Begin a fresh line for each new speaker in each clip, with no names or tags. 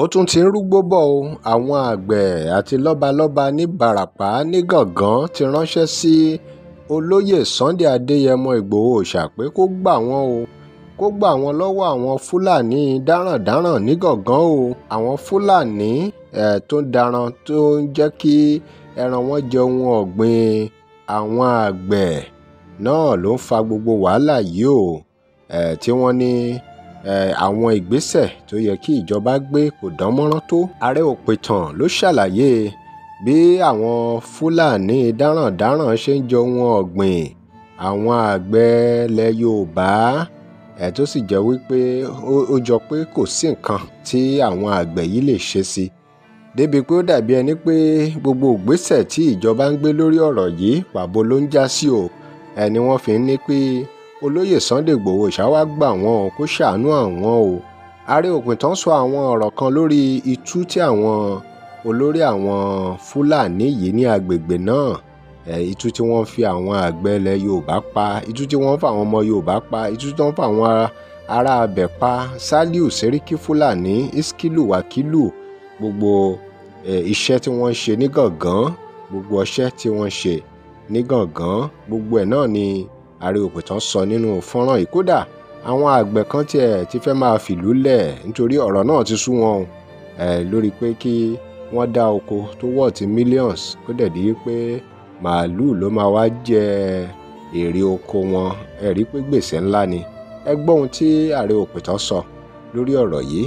ó tún ti ń rúgbó bò ó àwọn àgbẹ̀ àti lọ́balọ́ba nìbarapá nìgangan ti ránṣẹ́ sí olóyè sunday adeyemo ìgbòhoòṣà pé kó gbà wọ́n o kó gbà wọ́n lọ́wọ́ àwọn fúlàní darandaran nìgangan o àwọn fúlàní ẹ̀ tó ń daran tó ń jẹ́ kí ẹran wọn jẹ ohun ọ̀gbìn àwọn àgbẹ̀ náà ló ń fa gbogbo wàhálà yìí o ẹ̀ tí wọ́n ní. Ni àwọn ìgbésẹ̀ tó yẹ kí ìjọba gbé kò dán tó ààrẹ òpìtàn ló ṣàlàyé bí àwọn fúlàní darandaran ṣe ń jẹ ohun ọ̀gbìn àwọn àgbẹ̀ ilẹ̀ yorùbá ẹ̀ tó sì jẹ́ wípé ó jọ pé kò sí nǹkan tí àwọn àgbẹ̀ yìí lè ṣe sí débi pé ó dàbí ẹni pé gbogbo ìgbésẹ̀ tí ìjọba ń gbé lórí ọ̀rọ̀ yìí pàbó ló ń já sí o ẹni wọ́n fi ń ní pé olóyè sunday igbòho ṣáwá gbà wọ́n o kó ṣàánú àwọn o ààrẹ òpìtàn sọ àwọn ọ̀rọ̀ kan lórí itú tí àwọn olórí àwọn fúlàní yìí ní agbègbè náà itú tí wọ́n fi àwọn àgbẹ̀ ilẹ̀ yorùbá pa itú tí wọ́n fa àwọn ọmọ yorùbá pa itú tí wọ́n fa àwọn ará abẹ̀ pa saliu seriki fúlàní iskilu wakilu gbogbo iṣẹ́ tí wọ́n ṣe ní gàngán gbogbo ọṣẹ́ tí wọ́n ṣe ní gàngán gbogbo ẹ̀ náà ni. Eh, Aréòpìtàn sọ nínú fọ́nrán yìí kódà àwọn àgbẹ̀ kan tiẹ̀ ti fẹ́ máa fìlú lẹ̀ nítorí ọ̀rọ̀ náà ti sú wọn ẹ̀ lórí pé kí wọ́n dá oko tó wọ̀tí millions kó dẹ̀ di pé màálùú ló máa wá jẹ èrè oko wọn ẹ̀ rí pé gbèsè ńlá ni ẹ gbọ́ tí Aréòpìtàn sọ lórí ọ̀rọ̀ yìí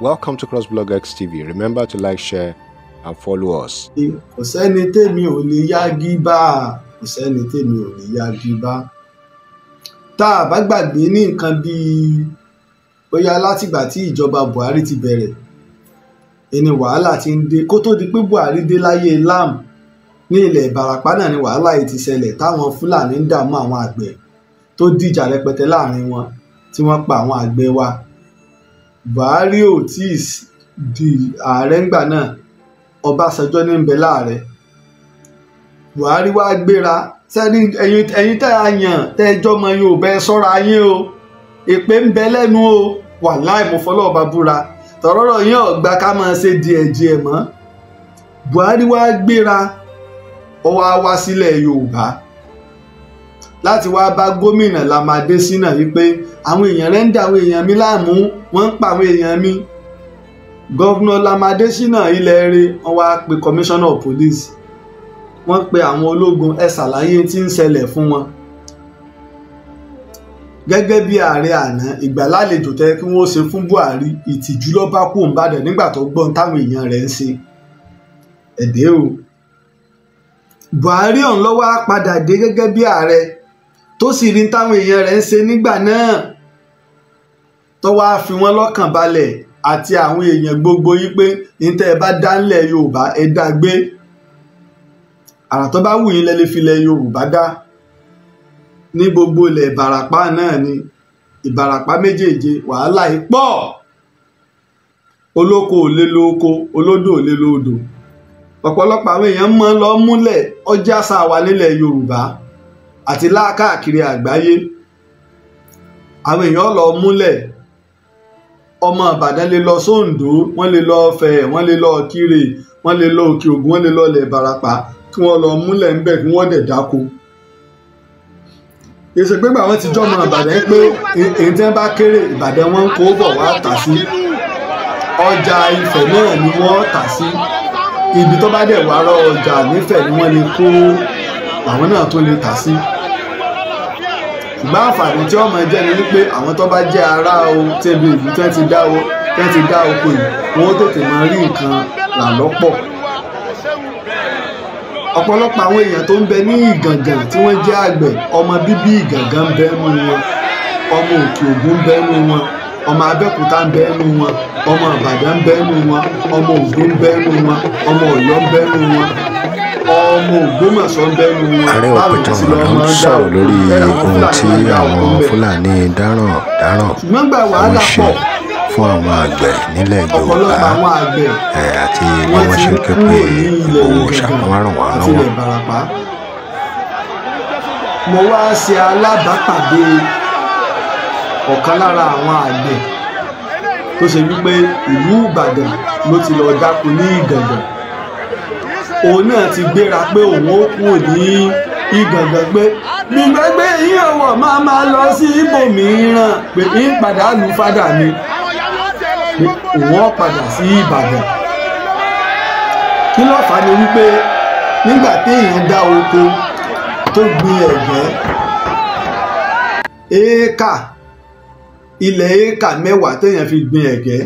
Welcome to crossblog XTV. Remember to like, share, and follow us.
Kò sẹ́ni tèmi ò lè yági bá kò sẹ́ni tèmi ò lè yági bá. Tá a bá gbàgbé ní nǹkan bíi bóyá látìgbà tí ìjọba Buhari ti bẹ̀rẹ̀ ẹni wàhálà ti ń dé kó tó di pé Buhari dé láyé lam ní ilẹ̀ Ìbàràpá náà ni wàhálà yìí ti ṣẹlẹ̀ táwọn Fúlàní ń dààmú àwọn àgbẹ̀ tó dìjà rẹpẹtẹ láàrin wọn tí wọ́n pa àwọn àgbẹ̀ wa buhari ò tí ì di ààrẹ ńgbà náà ọbásanjọ́ ní ń bẹ láàrẹ buhari wàá gbéra sẹ́ni ẹ̀yin tẹ́ a yàn tẹ́ ẹ jọ́mọ yín ò bẹ́ẹ̀ sọ́ra yín o èpè ń bẹ lẹ́nu o wàláì mo fọlọ́ọ̀bá búra tọ̀rọ̀rọ̀ yín ọ̀gbà ká máa ṣe díẹ̀díẹ̀ mọ́ buhari wàá gbéra ó wá wá sílẹ̀ yorùbá láti wáá bá gómìnà Lamade Sina wípé àwọn èèyàn rẹ̀ ń da àwọn èèyàn mi láàmú wọ́n ń pa àwọn èèyàn mi gọ́vnà Lamade Sina ilẹ̀ rẹ̀ wọ́n wáá pe komisanna of police wọ́n pe àwọn ológun ẹ ṣàlàyé tí ń ṣẹlẹ̀ fún wọn gẹ́gẹ́ bí ààrẹ àná ìgbàlálejò tẹ́ kí wọ́n ṣe fún Buhari ìtìjú ló bá kú Ìbàdàn nígbà tó gbọ́n táwọn èèyàn rẹ̀ ń ṣe ẹ̀dẹ́ o Buhari ọ̀hún ló wá padà dé gẹ́gẹ́ bí ààrẹ tó sì rí táwọn èèyàn rẹ̀ ń ṣe nígbà náà tó wáá fi wọ́n lọ́kàn balẹ̀ àti àwọn èèyàn gbogbo yìí pé ní tẹ́ ẹ bá dá ńlẹ̀ Yorùbá ẹ dá gbé àrà tó bá wù yín lẹ fi lẹ̀ Yorùbá dá ní gbogbo ilẹ̀ Ìbàràpá náà ni Ìbàràpá méjèèje wàhálà yìí pọ̀ olóko ò lè lo oko olódò ò lè lo odò ọ̀pọ̀lọpọ̀ àwọn èèyàn mọ́ lọ múlẹ̀ ọjà sáà wà nílẹ̀ Yorùbá àti láàkáàkiri àgbáyé àwọn èèyàn lọ múlẹ̀ ọmọ Ìbàdàn lè lọ sóńdó wọ́n lè lọ Ọ̀fẹ́ wọ́n lè lọ Ìkirè wọ́n lè lọ Òkè Ògùn wọ́n lè lọ ilẹ̀ Ìbàràpá kí wọ́n lọ múlẹ̀ ńbẹ̀ kí wọ́n dẹ̀ dáko èsì pépà wọ́n ti jọmọ Ìbàdàn pé èyí tí wọ́n bá kéré Ìbàdàn wọ́n ń kó bọ̀ wá tà sí ọjà Ifẹ̀ náà ni wọ́n tà sí ibi tó bá dẹ̀ wá rọ ọjà nífẹ̀ẹ́ ni wọ́n lè kó àwọn náà tó lè tà sí. ṣùgbọ́n àǹfààní tí ọmọ jẹ́ ni wípé àwọn tó bá jẹ́ ara o tẹ̀lé ìlú tí wọ́n ti dá o tí wọ́n ti dá oko yìí wọ́n tètè máa rí nǹkan rà lọ́pọ̀ ọ̀pọ̀lọpọ̀ àwọn èèyàn tó ń bẹ ní ìgàngàn tí ọmọ bíbí ìgàngàn ń bẹ wọn ọmọ òkè ògùn ń bẹ wọn ọmọ abẹ́òkúta ń bẹ wọn ọmọ ìbàdàn ń bẹ wọn ọmọ ń bẹ ọmọ ń bẹ ọmọ Ògbómọ̀ṣọ́ ń bẹnu ààrẹ ọ̀pẹ̀tàn ọ̀nà ń sọ̀rọ̀ lórí ohun tí àwọn
Fúlàní dáràn dáràn ń ṣe fún àwọn àgbẹ̀ nílẹ̀ Yorùbá
àti bí wọ́n ṣe ké
pé Ìgbòho ṣàpamọ́ràn wà lọ́wọ́.
mo wá ṣe alábàápàdé ọ̀kan lára àwọn àgbẹ̀ tó ṣe wípé ìlú Ìbàdàn ló ti lọ dáko ní Ìgàngàn òun náà ti gbéra pé òun ó kúrò ní ìgàngàn pé gbígbẹ́ pé ìyàwó máa máa lọ sí ibòmíràn pé ń padà lu fádà mi òun ó padà sí Ìbàdàn kí ló fà á ni wípé nígbà téèyàn dá oko tó gbin ẹ̀gẹ́ éékà ilẹ̀ éékà mẹ́wàá téèyàn fi gbin ẹ̀gẹ́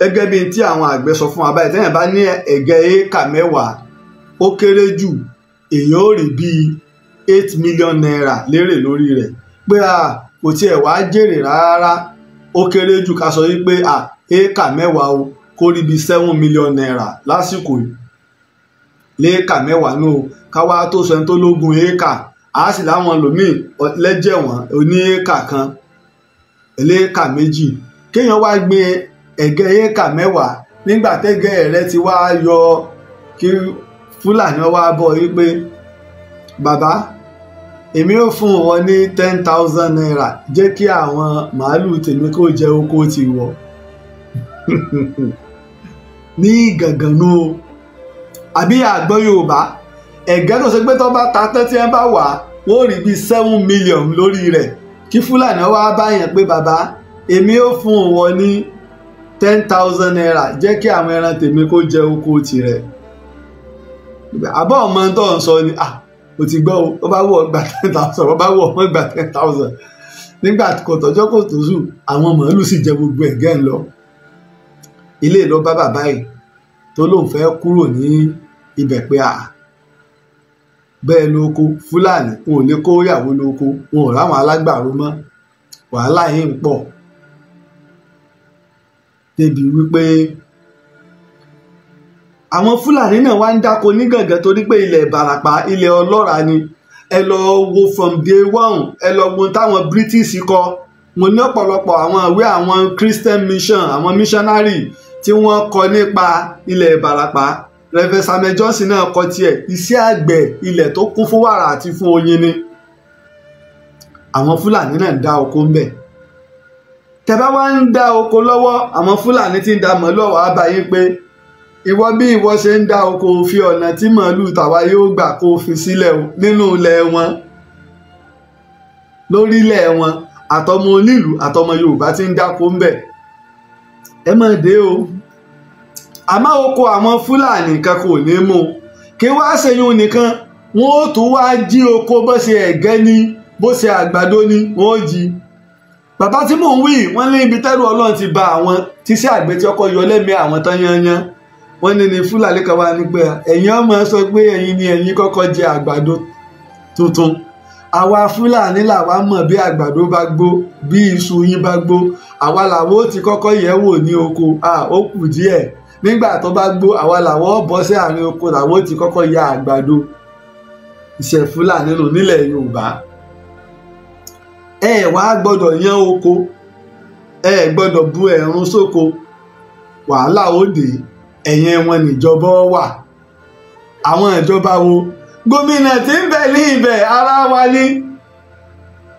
gẹ́gẹ́ bí tí àwọn àgbẹ̀ sọ fún wa báyìí tẹ́yìn bá ní ẹ̀gẹ́ éékà mẹ́wàá ó kéré jù èèyàn ó rí bíi eight million naira lérè lórí rẹ̀ pé a kò tiẹ̀ wá jèrè rárá ó kéré jù ká sọ wípé a éékà mẹ́wàá o kó rí bíi seven million naira lásìkò yìí léékà mẹ́wàá náà ká wá tó sọ ẹni tó lógun éékà á sì láwọn lòmíì lẹ́jẹ̀ wọ́n oní éékà kan léékà méjì kéèyàn wá gbé ẹ̀gẹ́ éka mẹ́wàá nígbà tẹ́gẹ́ rẹ ti wá yọ kí fúlàní wá bọ̀ yí pé bàbá èmi ò fún wọn ní ten thousand naira jẹ́ kí àwọn màálùú tèmi kó jẹ oko ti wọ̀ ní gàngànú o àbí àgbọ̀ yorùbá ẹ̀gẹ́ tó ṣe pé tó bá ta tẹ́tí ẹ bá wà wọ́n rí bíi seven million lórí rẹ̀ kí fúlàní wá báyẹn pé bàbá èmi ò fún wọn ní ten thousand naira jẹ́ kí àwọn ẹran tèmi kó jẹ oko tirẹ̀ àbọ̀ ọmọ tó ń sọ ni ah o ti gbọ́ o ó bá wọ̀ gba ten thousand ó bá wọ̀ wọ́n gba ten thousand nígbà kòtọ́jọ́ kò tó zù àwọn màálù sì jẹ gbogbo ẹ̀gẹ́ ń lọ ilé lọ bá bàbá yìí tó lóun fẹ́ kúrò ní ibẹ̀ pé à bẹ́ẹ̀ lóko fúlàní wọn ò lè kó yàwó lóko wọn ò ráwọn alágbàro mọ́ wàhálà yìí ń pọ̀ débi wípé àwọn fúlàní náà wá ń dáko ní gàngán torí pé ilẹ̀ ìbàràpá ilẹ̀ ọlọ́ràá ni ẹ lọ wo from day one ẹ lọ wo táwọn british kọ mo ní ọ̀pọ̀lọpọ̀ àwọn ìwé àwọn christian mission àwọn missionary tí wọ́n kọ nípa ilẹ̀ ìbàràpá Reverend Samuel Johnson náà kọ tiẹ̀ iṣẹ́ àgbẹ̀ ilẹ̀ tó kún fún wàrà àti fún oyin ni àwọn fúlàní náà ń dá oko ń bẹ̀ tẹ́bá wá ń dá oko lọ́wọ́ àwọn fúlàní ti ń da màálù ọ̀wá báyìí pé ìwọ bí ìwọ ṣe ń dá oko fi ọ̀nà tí màálù tàwa yóò gbà kó fi sílẹ̀ nínú ilẹ̀ wọn lórílẹ̀ wọn àtọmọ onílù àtọmọ yorùbá ti ń dáko ńbẹ ẹ mọ̀ dé o àmọ́ oko àwọn fúlàní kan kò ní mú kí wá ṣèyún nìkan wọn ó tún wá jí oko bó ṣe ẹ̀gẹ́ ni bó ṣe àgbàdo ni wọn ó jí bàbá tí mò ń wí wọ́n ní ibi tẹ́rù ọlọ́run ti ba àwọn tí sí àgbẹ̀ tí ọkọ̀ yọ lẹ́mí àwọn tán yanyan wọ́n ní ní fúlàní kan wá nígbà ẹ̀yin ọmọ sọ pé ẹ̀yin ni ẹ̀yin kọ́kọ́ jẹ àgbàdo tuntun àwa fúlàní làwa mọ̀ bí àgbàdo bá gbó bí iṣu yín bá gbó àwa làwọn ó ti kọ́kọ́ yẹ̀ wò ní oko ó kù díẹ̀ nígbà tó bá gbó àwa làwọn ó bọ́ sí àárín oko làwọn ti kọ́kọ́ ya àgbàdo ìṣẹ̀fúlàní nù nílẹ̀ yorùbá ẹ wá gbọ́dọ̀ yan oko ẹ gbọdọ bu ẹ̀rún sóko wàhálà òde ẹ̀yìn wọn níjọba wà àwọn ìjọba wo gómìnà tí ń bẹ ní ibẹ̀ ara wa ni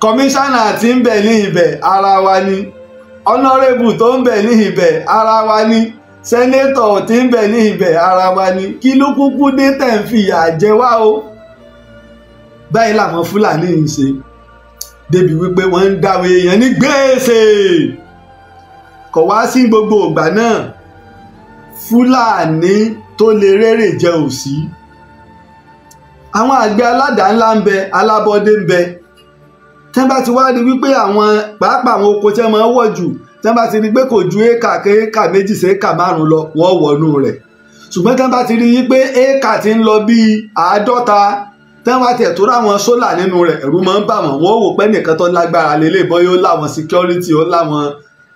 kọmíṣánná tí ń bẹ ní ibẹ̀ ara wa ni ọ̀nàrẹ́bù tó ń bẹ ní ibẹ̀ ara wa ni sẹ́nétọ̀ tí ń bẹ ní ibẹ̀ ara wa ni kí ló kúkú dé tẹ̀ ń fìyà jẹ wá o báyìí làwọn fúlàní ń ṣe débi wípé wọ́n ń dáwọ́ èèyàn ní gbèsè kò wá sí gbogbo ìgbà náà fúlàní tó lè rérè jẹ òsì àwọn àgbẹ̀ aládàá ńlá ń bẹ alábọ́dé ń bẹ tí wọ́n bá ti wá rí wípé àwọn pàápàá àwọn oko tí wọ́n máa ń wọ̀ jù tí wọ́n bá ti rí pé kò ju éèkà ké éèkà méjì sí éèkà márùn-ún lọ wọ́n wọnú rẹ̀ ṣùgbọ́n tí wọ́n bá ti rí wípé éèkà ti ń lọ bíi àádọ́ta tán bá tẹ̀ tó ráwọn sólà nínú rẹ̀ ẹ̀rú máa ń bà wọ́n wọ́n wò pé nìkan tó lágbára lélẹ̀ bọ́ yóò láwọn security ó láwọn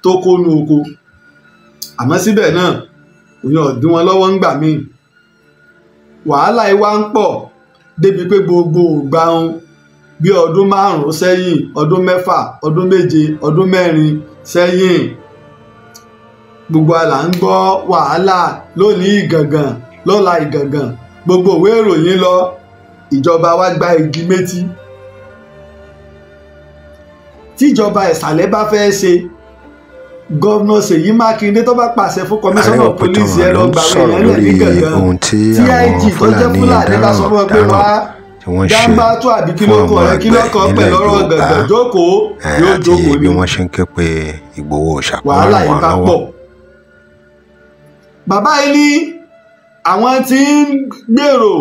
tó kónú oko àmọ́ síbẹ̀ náà òyìn ọ̀dún wọn lọ́wọ́ ń gbà míì wàhálà ìwà ń pọ̀ débi pé gbogbo ògbà ń bí ọdún márùn-ún sẹ́yìn ọdún mẹ́fà ọdún méje ọdún mẹ́rin sẹ́yìn gbogbo àlà ń gbọ́ wàhálà lónìí ìgàngàn lọ́la ìgàngàn gbogbo òwe ìròyìn lọ ìjọba wa gbá igi méjì tíjọba ìsàlẹ̀ bá fẹ́ ṣe gọ́vnà Ṣèyí Mákindé tó bá pàṣẹ fún kọmíṣánná pólíìsì ẹ̀rọ gbàgbé ìyẹn lẹ̀ ní gàngán tí ig tó jẹ́ fúlàní bá sọ fún ẹ pé wá
dáńbà tó àbí kí ló kọ rẹ kí ló kọ pẹ̀lú ọ̀rọ̀ gàngán jókòó yóò jókòó ni wàhálà yìí bá
pọ̀ bàbá yìí ní àwọn tí ń gbèrò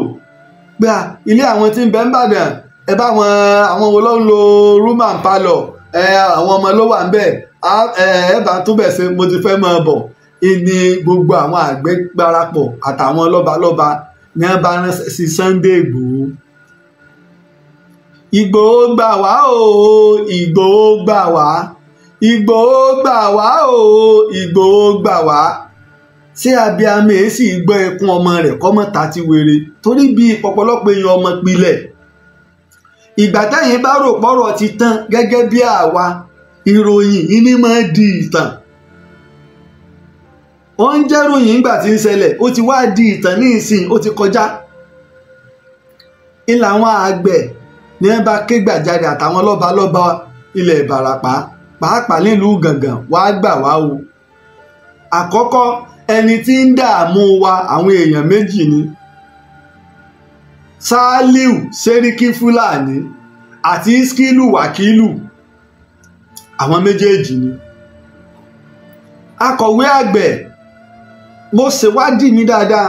pé à ilé àwọn tí ń bẹ ń bàdàn ẹ bá wọn àwọn wo ló ń lo room and parlour ẹ àwọn ọmọ ló wà ń bẹ ẹ bá tún bẹ̀ ṣe mo ti fẹ́ mọ bọ̀ ìní gbogbo àwọn àgbẹ̀ gbarapọ̀ àtàwọn lọ́balọ́ba ní wọn bá ránṣẹ́ sí Sunday Ìgbòho Ìgbòho gbà wá o Ìgbòho gbà wá Ìgbòho gbà wá o Ìgbòho gbà wá ṣé abiyamọ èsì gbọ́ ẹkún ọmọ rẹ̀ kọ́mọ́ta ti wéré torí bí ọ̀pọ̀lọpọ̀ èèyàn ọmọ pilẹ̀ ìgbà tẹ́yìn bá rò pọ́rọ̀ ti tán gẹ́gẹ́ bí àwa ìròyìn ìní máa di ìtàn ó ń jẹ́ ròyìn ìgbà tí ń ṣẹlẹ̀ ó ti wá di ìtàn ní ìsìn ó ti kọjá ilà àwọn àgbẹ̀ ní ẹ bá ké gbàjarè àtàwọn lọ́balọ́ba ilẹ̀ ìbàràpá pàápàá nílùú gàngàn wàá gbà wá o àkọ́kọ́ ẹni tí ń dààmú wa àwọn èèyàn méjì ni. Saliu Seriki Fúlàní àti Iskilu Wakilu àwọn méjèèjì ni akọ̀wé àgbẹ̀ mo ṣèwádìí mi dáadáa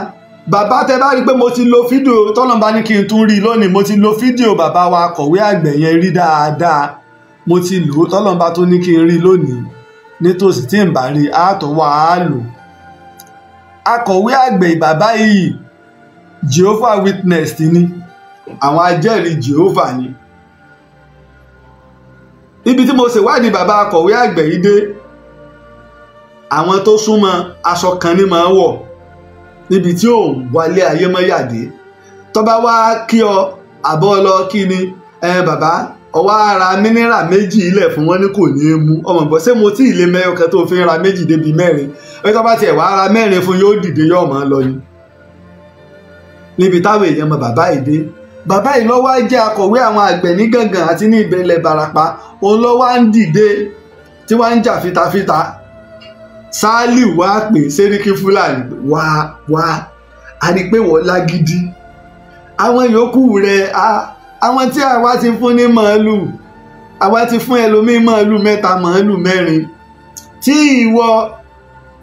bàbá tẹ bá rí i pé mo ti lo fídíò tọ́lọ́mbà ní kí n tún rí i lónìí mo ti lo fídíò bàbá wa akọ̀wé àgbẹ̀ yẹn rí dáadáa mo ti lò ó tọ́lọ́mbà tó ní kí n rí i lónìí nítòsí tí n bá rí i àtọ̀wọ́ àá akọ̀wé àgbẹ̀ bàbá yìí Jehovah witness ni àwọn ajẹ́rìí Jehovah ni níbi tí mo ṣèwádìí bàbá akọ̀wé àgbẹ̀ yìí dé àwọn tó súnmọ́ aṣọ kan ní máa wọ̀ níbi tí ò ń wálé ayé mọ́yàdé tọ́ba wá kí ọ àbọ̀ lọ kí ni ẹ bàbá ọwọ́ ara mínírà méjì ilẹ̀ fún wọn ní kò ní í mú ọmọ ìgbọ́ ṣé mo tí ì lè mẹ́yọ̀kan tó fi ń ra méjì débi mẹ́rin ẹ tọ́ba tiẹ̀ wá ara mẹ́rin fún yóò dìde yóò máa lọ ni níbi táwọn èèyàn mọ bàbá yìí dé bàbá yìí lọ́wọ́ jẹ́ akọ̀wé àwọn àgbẹ̀ ní Gàngàn àti ní ìbẹ̀lẹ̀ Ìbàràpá òun lọ́wọ́ ń dìde tí wọ́n ń jà fitafita Ṣálíù wá pè Sẹ́ríkì Fúlàní wá wá a rí i pé wọ́n lágídí àwọn yòókù rẹ̀ àwọn tí àwa ti fún ní màálù àwa ti fún ẹlòmíì màálù mẹ́ta màálù mẹ́rin tí ìwọ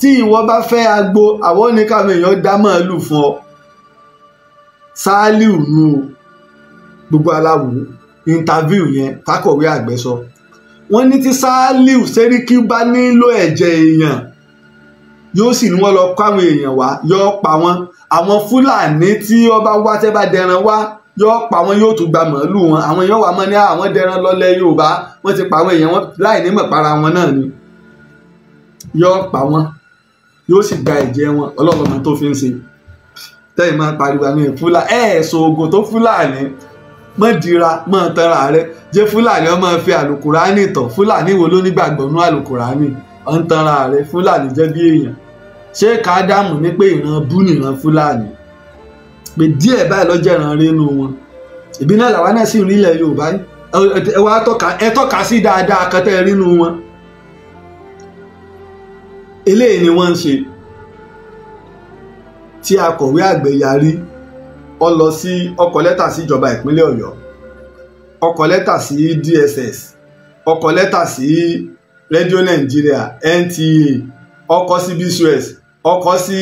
tí ìwọ bá fẹ́ agbo àwọn oníkàwé èèyàn dá màálù fún ọ Sàálíù nu gbogbo aláwo interview yẹn fákọ̀wé àgbẹ̀ sọ wọ́n ní tí Sàálíù Sẹ́ríkì bá nílò ẹ̀jẹ̀ èèyàn yóò sì ní wọ́n lọ kó àwọn èèyàn wá yọ pa wọ́n àwọn Fúlàní tí ọba wá tẹ́ bá dẹran wá yọ pa wọ́n yóò tún gba màálù wọn àwọn èèyàn wà mọ́ ní àwọn dẹran lọ́lẹ̀ Yorùbá wọ́n ti pa àwọn èèyàn wọn láì ní mọ̀para wọn náà ni yọ pa wọ́n yóò sì gba ẹ̀jẹ̀ wọn ọlọ́run tó fi ń ṣe tẹ́yìn máa ń pariwo àwọn èèyàn fúlà ẹ̀ ẹ̀sùn ogun tó fúlàní mọ̀ dira mọ̀ tanra rẹ jẹ́ fúlàní ọmọ fi àlùkùránì tàn fúlàní wo ló nígbàgbọ́ nú àlùkùránì ọ̀ ń tanra rẹ fúlàní jẹ́ bí èèyàn ṣé kádàmù ní pé ìran bú nìran fúlàní pé díẹ̀ báyìí lọ́jọ́ ìran rínú wọn ìbí náà làwa náà sì rí ilẹ̀ yorùbá ẹ wá tọ́ka sí dáadáa kẹtẹ́ rínú wọn eléyìí ni wọ́n ń ṣe tí akọ̀wé àgbẹ̀ yarí ó lọ sí ó kọ lẹ́tà sí ìjọba ìpínlẹ̀ ọ̀yọ́ ó lẹ́tà sí dss ó kọ lẹ́tà sí rédíò nàìjíríà nta ó kọ sí bcos ó sí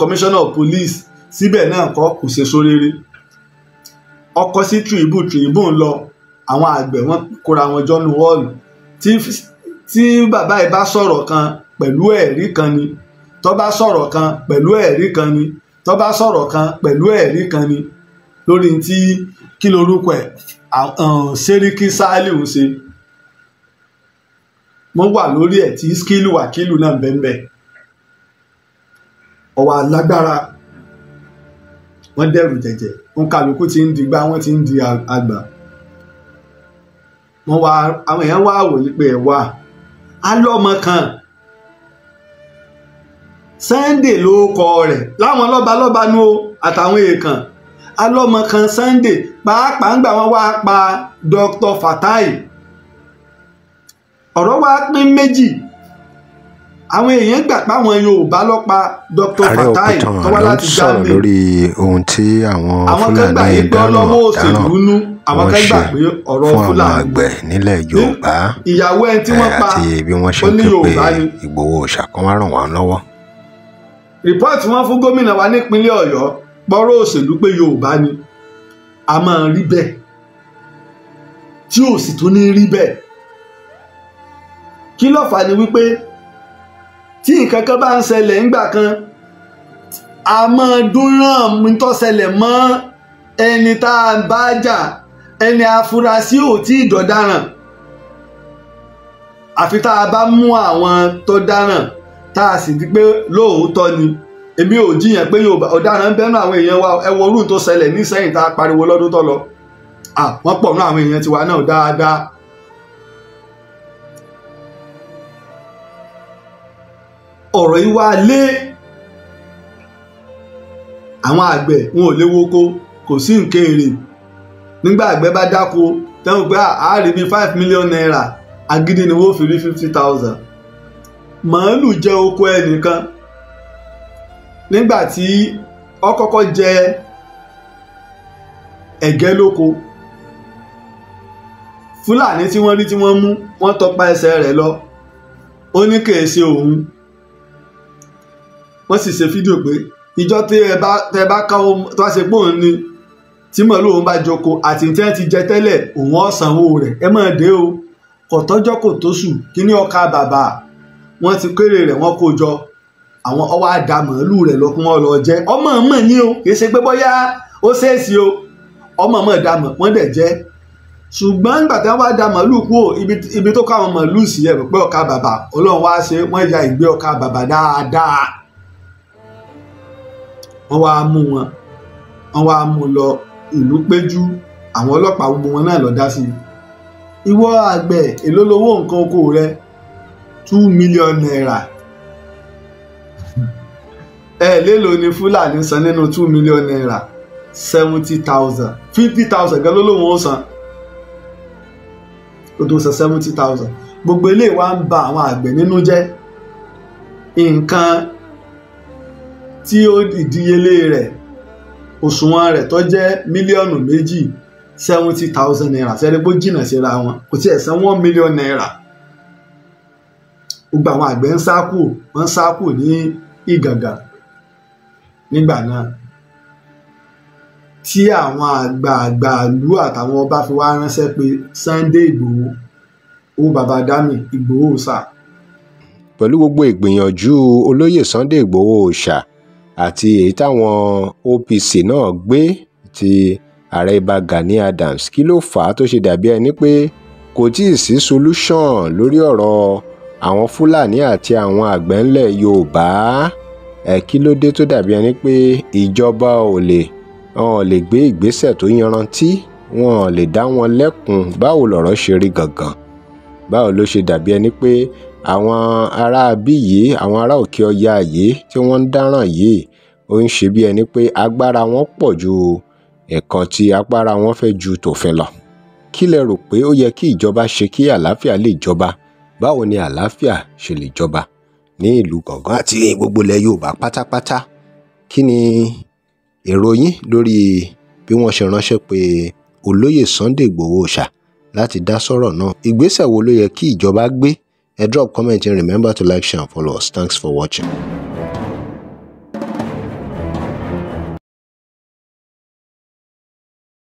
commissioner of police síbẹ̀ náà kọ́ kò ṣe sóréré ó kọ sí tribune tribune lọ àwọn àgbẹ̀ wọn kóra wọn jọ́nu wọ́ọ̀lù tí bàbá ẹ bá sọ̀rọ̀ kan pẹ̀lú ẹ̀rí kan ni tó bá sọ̀rọ̀ kan pẹ̀lú ẹ̀rí kan ni tó bá sọ̀rọ̀ kan pẹ̀lú ẹ̀rí kan ni lórí tí kí lorúkọ ẹ̀ sẹ́ríkì uh, sáálì ń ṣe wọ́n wà lórí ẹ̀ tí skílù wákìlù náà bẹ́ẹ̀ ọwọ́ alágbára wọ́n dẹ̀rù jẹ̀jẹ̀ wọ́n kálukú ti ń di gbá wọ́n ti ń di àgbà wọ́n wá àwọn èèyàn wá wò ní pé ẹ̀ wá á lọ́mọ kan Sunday ló kọ rẹ̀ láwọn lọ́balọ́ba nu o àtàwọn èèkàn alọ́mọ kan Sunday pàápàá ńgbà wọn wá pa Dr. Fatai ọ̀rọ̀ wá pín méjì àwọn èèyàn gbà páwọn Yorùbá ló pa Dr. Fatai tó wá láti Germany lórí
ohun tí àwọn Fúlàní dáràn dáràn àwọn kan gbà pé ọ̀rọ̀ fúlàní àgbẹ̀ nílẹ̀ yorùbá
ìyàwó ẹni tí wọ́n pa àti
bí wọ́n ṣe ń ké pé
ìgbòho ṣàkóńwárán wà lọ́wọ́ rìpọ́ọ̀tì wọn fún gómìnà wa nípínlẹ̀ ọ̀yọ́ pọ́rọ́ òṣèlú pé yorùbá ni a máa rí bẹ́ẹ̀ tí ò sì tún ní rí bẹ́ẹ̀ kí ló fà ni wípé tí nǹkan kan bá ń ṣẹlẹ̀ ńgbà kan a máa dúnrán mi tó ṣẹlẹ̀ mọ́ ẹni tá a bá jà ẹni afurasí ò tí ì dọ̀daràn àfi tá a bá mú àwọn tó dáràn tá a sì di pé lóòótọ́ ni èmi ò jiyàn pé Yorùbá ọ̀daràn ń bẹ́nu àwọn wa ẹ wo orúùn tó ṣẹlẹ̀ nísẹ̀yìn tá a pariwo lọ́dún tó lọ wọ́n pọ̀ nú àwọn èèyàn tiwa náà dáadáa. ọ̀rọ̀ yìí wá lé àwọn àgbẹ̀ wọn ò léwó kó kò sí nǹkan èrè nígbà àgbẹ̀ bá five million naira agídí ni wọ́n fi fifty thousand màálù jẹ oko ẹnìkan nígbà tí ó kọ́kọ́ jẹ ẹ̀gẹ́ lóko fúlàní tí wọ́n rí tí wọ́n mú wọ́n tọpa ẹsẹ̀ rẹ̀ lọ ó ní kèé ṣe òun wọ́n sì ṣe fídíò pé ìjọ tí ẹ bá tẹ bá ká ohun tó ṣe pé òun ni tí mọ̀ lóun bá joko àti tí wọ́n ti jẹ tẹ́lẹ̀ òun ọ̀sánwó rẹ̀ ẹ máa dé o kò tọ́jọ́ kò kí ni ọkà bàbà wọ́n ti kéré rẹ̀ wọ́n kó jọ àwọn ọwọ́ àdá màálù rẹ̀ lọ kí wọ́n lọ jẹ ọmọ ọmọ ni o kì í ṣe pé bóyá ó ṣèèṣì o ọmọ ọmọ dà mọ̀ wọ́n dẹ̀ jẹ́ ṣùgbọ́n nígbà tí wọ́n wá da màálù kú ò ibi tó káwọn màálù sí ẹ̀rọ pé ọ̀ka bàbà ọlọ́run wá ṣe wọ́n ya ìgbé ọ̀ka bàbà dáadáa wọ́n wá mú wọn wọ́n wá mú lọ ìlú péjú àwọn ọlọ́pàá gbogbo wọn náà lọ dá sí i ìwọ àgbẹ̀ lowó nǹkan oko rẹ two million naira ẹ lélo ni fúlàní san nínú two million naira seventy thousand fifty thousand gan ló lóun ó san ó san seventy thousand gbogbo eléyìí wá ń ba àwọn àgbẹ̀ nínú jẹ́ nǹkan tí ó ìdíyelé rẹ̀ òṣùwọ̀n rẹ̀ tó jẹ́ mílíọ̀nù méjì seventy thousand naira sẹ́ni pé ó jìnnà síra wọn kò tiẹ̀ san one million naira gbogbo àwọn àgbẹ̀ ń sá kù wọ́n ń sá kù ní ìgàngàn nígbà náà tí àwọn àgbààgbà ìlú àtàwọn ọba fi wá ránṣẹ́ pé Sunday Ìgbòho ó bàbá Dami Ìgbòho ṣá.
pẹ̀lú gbogbo ìgbìyànjú olóyè Sunday Ìgbòho ṣá àti èyí táwọn OPC náà gbé ti ààrẹ ibà Gani Adams kí ló fà á tó ṣe dàbí ẹni pé kò tíì sí solution lórí ọ̀rọ̀ àwọn fúlàní àti àwọn àgbẹ̀ ńlẹ̀ yorùbá ẹ̀ kí ló dé tó dàbí ẹni pé ìjọba ò lè wọn ò lè gbé ìgbésẹ̀ tó yanrantí wọn ò lè dá wọn lẹ́kùn báwo lọ̀rọ̀ ṣe rí gangan báwo ló ṣe dàbí ẹni pé àwọn ará abí yìí àwọn ará òkè ọya yìí tí wọ́n ń dáràn yìí ó ń ṣe bí ẹni pé agbára wọn pọ̀ ju ẹ̀kan tí agbára wọn fẹ́ ju tòfin lọ kí lẹ rò pé ó yẹ kí ìjọba ṣe kí àlàáfíà lè jọba báwo ni àlàáfíà ṣe lè jọba ní ìlú Igangan àti gbogbo ilẹ̀ Yorùbá pátápátá kí ni èrò yín lórí bí wọ́n ṣe ránṣẹ́ pé olóyè Sunday Igboho Oòṣà láti dá sọ̀rọ̀ náà ìgbésẹ̀ wo ló yẹ kí ìjọba gbé ẹ drop comment and
remember to like share and follow us thanks for watching.